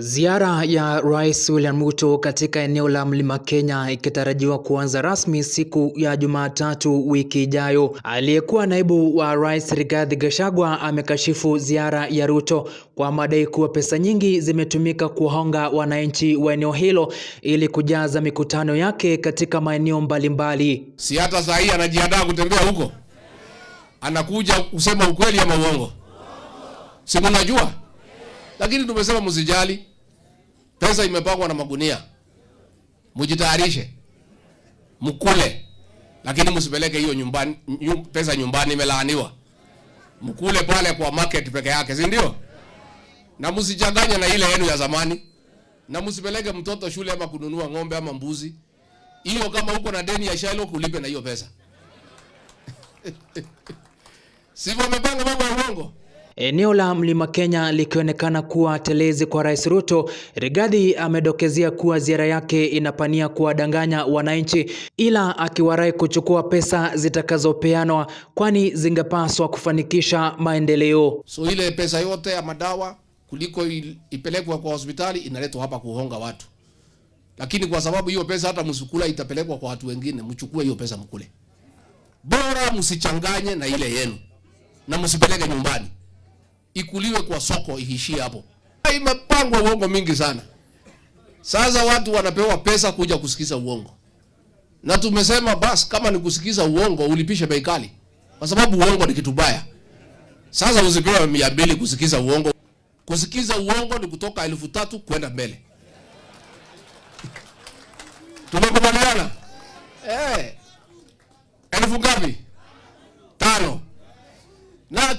Ziara ya Rais William Ruto katika eneo la Mlima Kenya ikitarajiwa kuanza rasmi siku ya Jumatatu wiki ijayo. Aliyekuwa naibu wa Rais Rigathi Gachagua amekashifu ziara ya Ruto kwa madai kuwa pesa nyingi zimetumika kuwahonga wananchi wa eneo hilo ili kujaza mikutano yake katika maeneo mbalimbali. Si hata saa hii anajiandaa kutembea huko, anakuja kusema ukweli ama uongo, si mnajua? Lakini tumesema msijali, Pesa imepangwa na magunia, mujitayarishe mkule, lakini msipeleke hiyo nyumbani. Pesa nyumbani imelaaniwa. Mkule pale kwa market peke yake, si ndio? Na msichanganye na ile yenu ya zamani, na msipeleke mtoto shule ama kununua ng'ombe ama mbuzi. Hiyo kama uko na deni ya Shylock kulipe na hiyo pesa sivyo? Amepanga mambo ya uongo. Eneo la Mlima Kenya likionekana kuwa telezi kwa Rais Ruto, Rigathi amedokezea kuwa ziara yake inapania kuwadanganya wananchi, ila akiwarai kuchukua pesa zitakazopeanwa, kwani zingepaswa kufanikisha maendeleo. So ile pesa yote ya madawa kuliko ipelekwa kwa hospitali inaletwa hapa kuhonga watu, lakini kwa sababu hiyo pesa hata msukula itapelekwa kwa watu wengine, mchukue hiyo pesa mkule. Bora msichanganye na ile yenu na msipeleke nyumbani ikuliwe kwa soko ihishie hapo. Imepangwa uongo mingi sana. Sasa watu wanapewa pesa kuja kusikiza uongo, na tumesema basi, kama ni kusikiza uongo ulipishe bei kali, kwa sababu uongo ni kitu baya. Sasa usipewe mia mbili kusikiza uongo. Kusikiza uongo ni kutoka elfu tatu kwenda mbele. Tumekubaliana eh?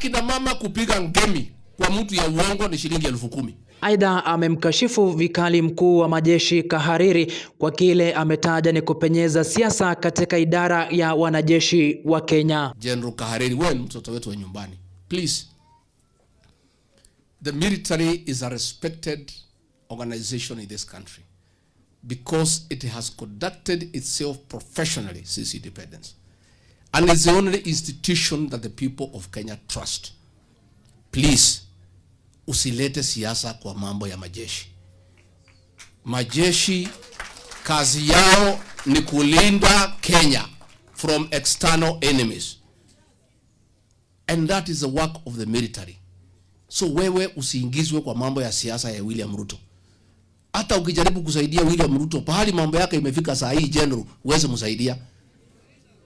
kina mama kupiga ngemi kwa mtu ya uongo ni shilingi elfu kumi. Aidha, amemkashifu vikali mkuu wa majeshi Kahariri kwa kile ametaja ni kupenyeza siasa katika idara ya wanajeshi wa Kenya. General Kahariri, wewe ni mtoto wetu wa nyumbani, please the military is a respected organization in this country because it has conducted itself professionally since independence and is the only institution that the people of Kenya trust. Please, usilete siasa kwa mambo ya majeshi. Majeshi kazi yao ni kulinda Kenya from external enemies. And that is the work of the military. So wewe usiingizwe kwa mambo ya siasa ya William Ruto. Hata ukijaribu kusaidia William Ruto, pahali mambo yake imefika saa hii general, uweze msaidia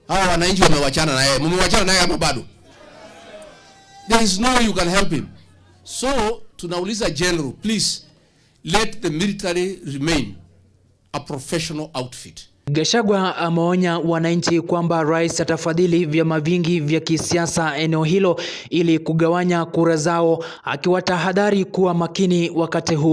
hawa wananchi wamewachana na yeye, mmewachana naye ama bado? There is no way you can help him. So tunauliza general, please let the military remain a professional outfit. Gachagua ameonya wananchi kwamba rais atafadhili vyama vingi vya kisiasa eneo hilo ili kugawanya kura zao, akiwatahadhari kuwa makini wakati huo.